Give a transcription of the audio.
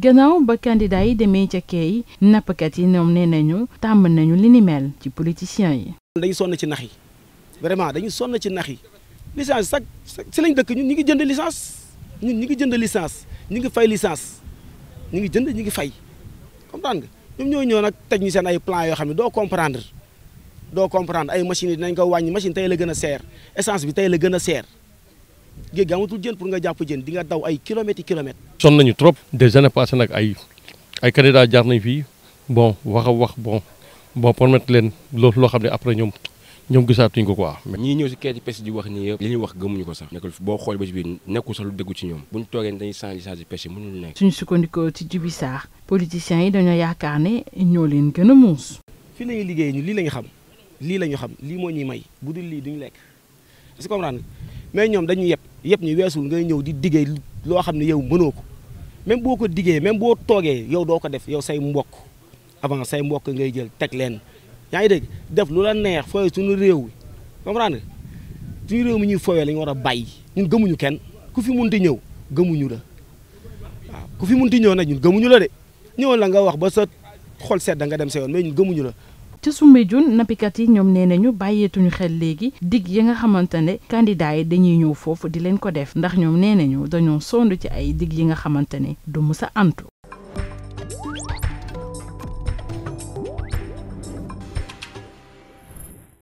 gannaaw ba candidat yi demee ca kee yi nappkat yi ñoom nee ñu tàmm nañu li ni mel ci politiciens yi. dañu sonn ci nax yi vraiment dañu sonn ci nax yi licence sax si lañ dëkk ñu ngi jënd licence ñun ñu ngi jënd licence ñu ngi fay licence ñu ngi jënd ñu ngi fay comprendre nga ñoo ñëw nag teg ñu seen ay plan yoo xam ne doo comprendre. doo comprendre ay machines yi dinañ ko wàññi machine tey la gën a seer essence bi tey la gën a seer géej gi amatul jën pour nga jàpp jën di nga daw ay kilomètres i kilomètres. sonn nañu trop des années passées nañ fii bon wax a wax bon bon permettre leen loolu loo xam ne après ñoom ñoom gisaatuñ ko quoi. ñii ñëw si keeti pêche di wax nii yëpp. li ñuy wax gëmuñu ko sax. nekkul boo xool ba ci biir nekkul sax lu dëggu ci ñoom. buñ toogee dañuy sans licence pêche mënul nekk. suñu sukkandikoo ci ne ñoo leen gën a muus. fii la ñuy liggéey ñu lii la ñu xam lii la ñu xam lii moo ñuy may bu dul lii duñu lekk est-ce que comprendre mais ñoom dañuy yëpp yëpp ñu weesul ngay ñëw di diggee loo xam ne yow mënoo ko même boo ko diggee même boo toogee yow doo ko def yow say mbokk avant say mbokk ngay jël teg leen yaa ngi dégg def lu la neex fooy suñu réew comprendre suñu réew mi ñuy fooyee la ñu war a bàyyi ñun gëmuñu kenn ku fi mun munti ñëw gëmuñu la waaw ku fi munti ñëw nag ñun gëmuñu la de ñëwoon la nga wax ba sa xol sedd nga dem sa yoon ñun gëmuñu la ca Soumbédioune nappkat yi ñoom nee nañu bàyyeetuñu xel léegi dig yi nga xamante ne candidat yi dañuy ñëw foofu di leen ko def ndax ñoom nee nañu dañoo sonn ci ay dig yi nga xamante ne du mus a antu